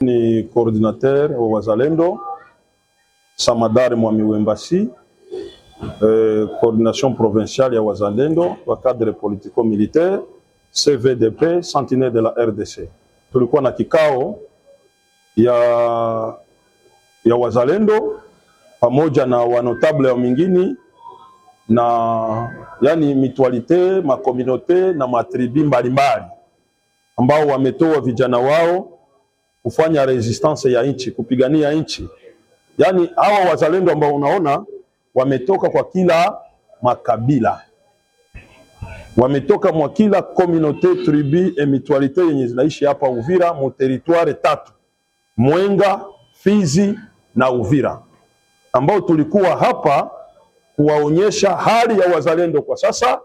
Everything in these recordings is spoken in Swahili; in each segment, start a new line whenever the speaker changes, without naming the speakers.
Ni coordinateur wa wazalendo Samadari Mwami Wembasi, eh, coordination provinciale ya wazalendo wa cadre politico militaire CVDP sentinelle de la RDC. Tulikuwa na kikao ya, ya wazalendo pamoja na wanotable wa mingini na yani mitualite makomunote na matribi mbalimbali ambao wametoa vijana wao kufanya resistance ya nchi, kupigania nchi. Yaani hawa wazalendo ambao unaona wametoka kwa kila makabila, wametoka mwa kila communauté tribu mutualité yenye zinaishi hapa Uvira mu territoire tatu Mwenga, Fizi na Uvira, ambao tulikuwa hapa kuwaonyesha hali ya wazalendo kwa sasa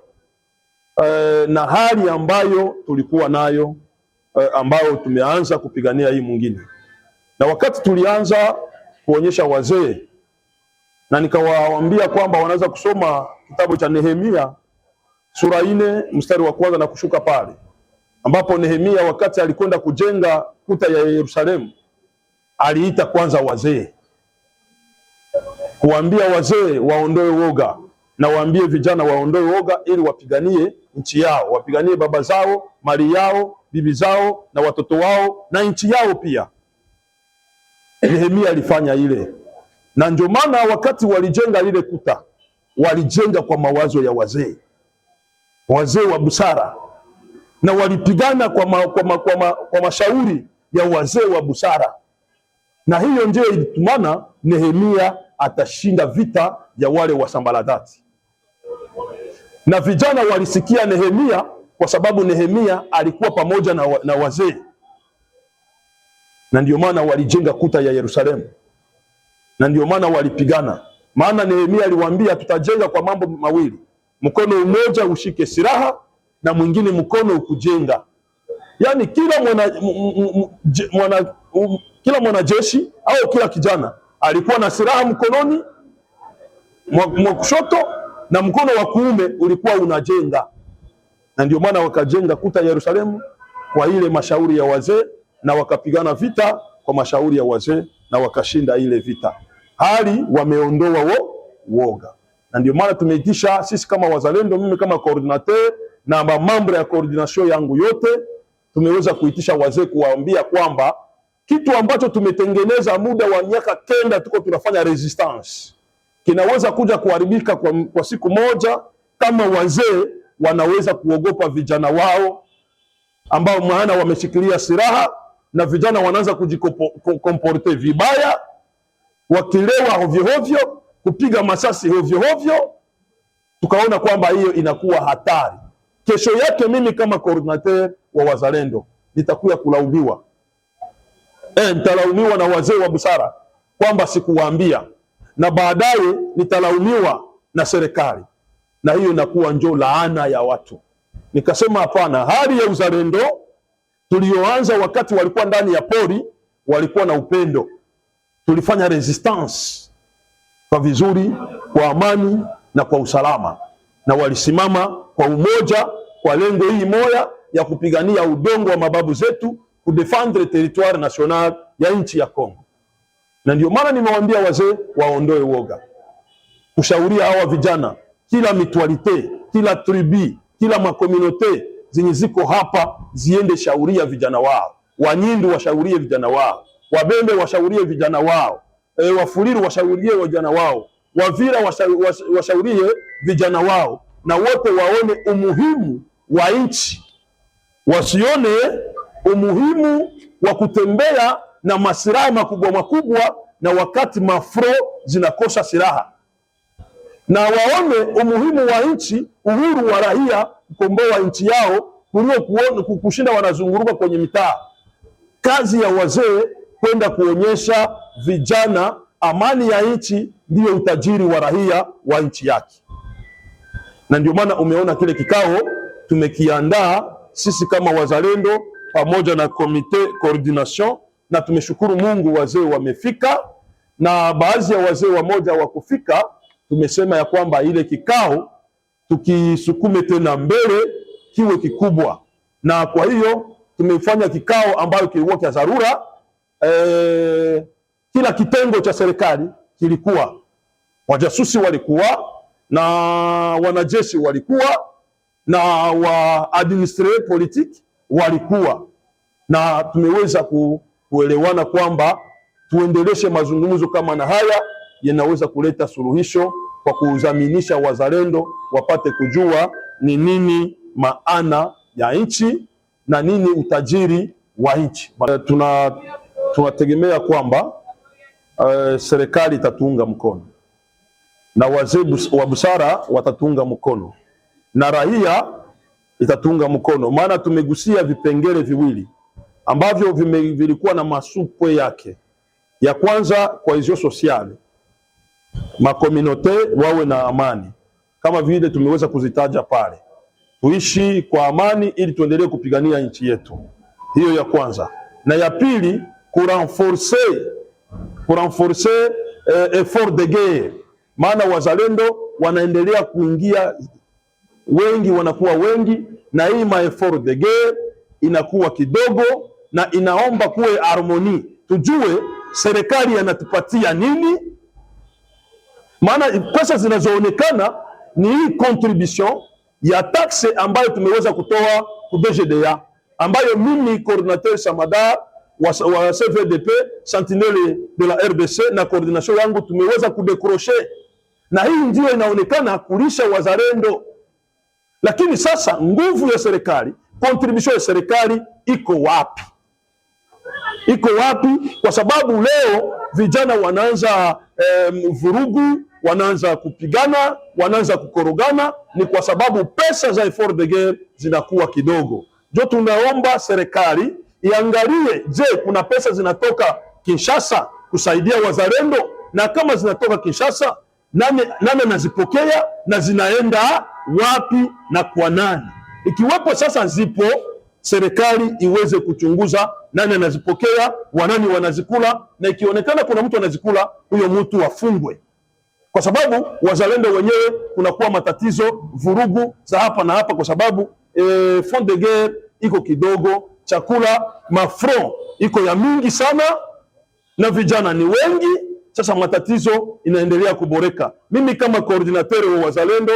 eh, na hali ambayo tulikuwa nayo Eh, ambayo tumeanza kupigania hii mwingine. Na wakati tulianza kuonyesha wazee na nikawaambia kwamba wanaweza kusoma kitabu cha Nehemia sura ine mstari wa kwanza na kushuka pale, ambapo Nehemia wakati alikwenda kujenga kuta ya Yerusalemu aliita kwanza wazee kuambia wazee waondoe woga na waambie vijana waondoe woga, ili wapiganie nchi yao, wapiganie baba zao, mali yao bibi zao na watoto wao na nchi yao pia. Nehemia alifanya ile, na ndio maana wakati walijenga lile kuta walijenga kwa mawazo ya wazee, wazee wa busara, na walipigana kwa, ma, kwa, ma, kwa, ma, kwa mashauri ya wazee wa busara, na hiyo ndio ilitumana Nehemia atashinda vita ya wale wa Sambaladati na vijana walisikia Nehemia kwa sababu Nehemia alikuwa pamoja na, na wazee na ndio maana walijenga kuta ya Yerusalemu na ndio maana walipigana. Maana Nehemia aliwaambia tutajenga kwa mambo mawili, mkono mmoja ushike silaha na mwingine mkono ukujenga. Yaani kila mwana, mwana, kila mwanajeshi au kila kijana alikuwa na silaha mkononi mwa kushoto na mkono wa kuume ulikuwa unajenga na ndio maana wakajenga kuta Yerusalemu kwa ile mashauri ya wazee, na wakapigana vita kwa mashauri ya wazee na wakashinda ile vita, hali wameondoa wo, woga. Na ndio maana tumeitisha sisi kama wazalendo, mimi kama coordinator na mambo ya coordination yangu yote, tumeweza kuitisha wazee kuwaambia kwamba kitu ambacho tumetengeneza muda wa miaka kenda tuko tunafanya resistance kinaweza kuja kuharibika kwa, kwa siku moja kama wazee wanaweza kuogopa vijana wao ambao maana wameshikilia silaha, na vijana wanaanza kujikomporte vibaya, wakilewa hovyohovyo, kupiga masasi hovyohovyo. Tukaona kwamba hiyo inakuwa hatari. Kesho yake mimi kama coordinateur wa wazalendo nitakuwa kulaumiwa e, nitalaumiwa na wazee wa busara kwamba sikuwaambia, na baadaye nitalaumiwa na serikali na hiyo inakuwa njoo laana ya watu. Nikasema hapana, hali ya uzalendo tulioanza wakati walikuwa ndani ya pori, walikuwa na upendo, tulifanya resistance kwa vizuri, kwa amani na kwa usalama, na walisimama kwa umoja, kwa lengo hii moya ya kupigania udongo wa mababu zetu, kudefendre territoire national ya nchi ya Kongo. Na ndio maana nimewaambia wazee waondoe woga, kushauria hawa vijana kila mitwalite kila tribi, kila makomunote zenye ziko hapa ziende shauria vijana wao, Wanyindu washaurie vijana wao, Wabembe washaurie vijana wao, e, Wafuliru washaurie vijana wao, Wavira washaurie vijana wao, na wote waone umuhimu wa nchi, wasione umuhimu wa kutembea na masilaha makubwa makubwa, na wakati mafro zinakosa silaha na waone umuhimu wa nchi, uhuru wa raia kukomboa nchi yao kuliko kushinda wanazunguruka kwenye mitaa. Kazi ya wazee kwenda kuonyesha vijana amani ya nchi ndiyo utajiri wa raia wa nchi yake, na ndio maana umeona kile kikao tumekiandaa sisi kama wazalendo pamoja na komite coordination, na tumeshukuru Mungu wazee wamefika, na baadhi ya wazee wamoja wakufika tumesema ya kwamba ile kikao tukisukume tena mbele kiwe kikubwa, na kwa hiyo tumefanya kikao ambayo kilikuwa cha dharura e, kila kitengo cha serikali kilikuwa, wajasusi walikuwa na wanajeshi walikuwa na wa administrative politique walikuwa, na tumeweza kuelewana kwamba tuendeleshe mazungumzo kama na haya yanaweza kuleta suluhisho kwa kuzaminisha wazalendo wapate kujua ni nini maana ya nchi na nini utajiri wa nchi. Tuna tunategemea kwamba uh, serikali itatuunga mkono na wazee wa busara watatunga mkono na raia itatunga mkono, maana tumegusia vipengele viwili ambavyo vime, vilikuwa na masupwe yake. Ya kwanza kwa hizo sosiali makominote wawe na amani kama vile tumeweza kuzitaja pale. Tuishi kwa amani ili tuendelee kupigania nchi yetu, hiyo ya kwanza. Na ya pili kurenforce kurenforce eh, effort de guerre, maana wazalendo wanaendelea kuingia wengi, wanakuwa wengi, na hii ma effort de guerre inakuwa kidogo, na inaomba kuwe harmoni, tujue serikali yanatupatia nini maana pesa zinazoonekana ni hii contribution ya taxe ambayo tumeweza kutoa ku DGDA ambayo mimi coordinateur Samada wa, wa CVDP Sentinelle de la RDC na coordination yangu tumeweza kudecrocher, na hii ndio inaonekana kulisha wazalendo. Lakini sasa nguvu ya serikali, contribution ya serikali iko wapi? Iko wapi? Kwa sababu leo vijana wanaanza eh, vurugu wanaanza kupigana, wanaanza kukorogana, ni kwa sababu pesa za effort de guerre zinakuwa kidogo. Jo, tunaomba serikali iangalie, je, kuna pesa zinatoka Kinshasa kusaidia wazalendo, na kama zinatoka Kinshasa nani anazipokea na zinaenda wapi na kwa nani? Ikiwepo sasa zipo, serikali iweze kuchunguza nani anazipokea, wanani wanazikula, na ikionekana kuna mtu anazikula, huyo mtu afungwe kwa sababu wazalendo wenyewe kunakuwa matatizo, vurugu za hapa na hapa, kwa sababu e, fond de guerre iko kidogo, chakula mafro iko ya mingi sana, na vijana ni wengi. Sasa matatizo inaendelea kuboreka. Mimi kama coordinateur wa wazalendo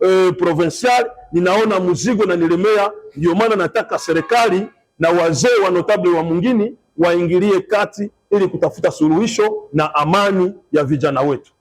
e, provincial ninaona mzigo na nilemea, ndio maana nataka serikali na wazee wa notable wa mwingine waingilie kati ili kutafuta suluhisho na amani ya vijana wetu.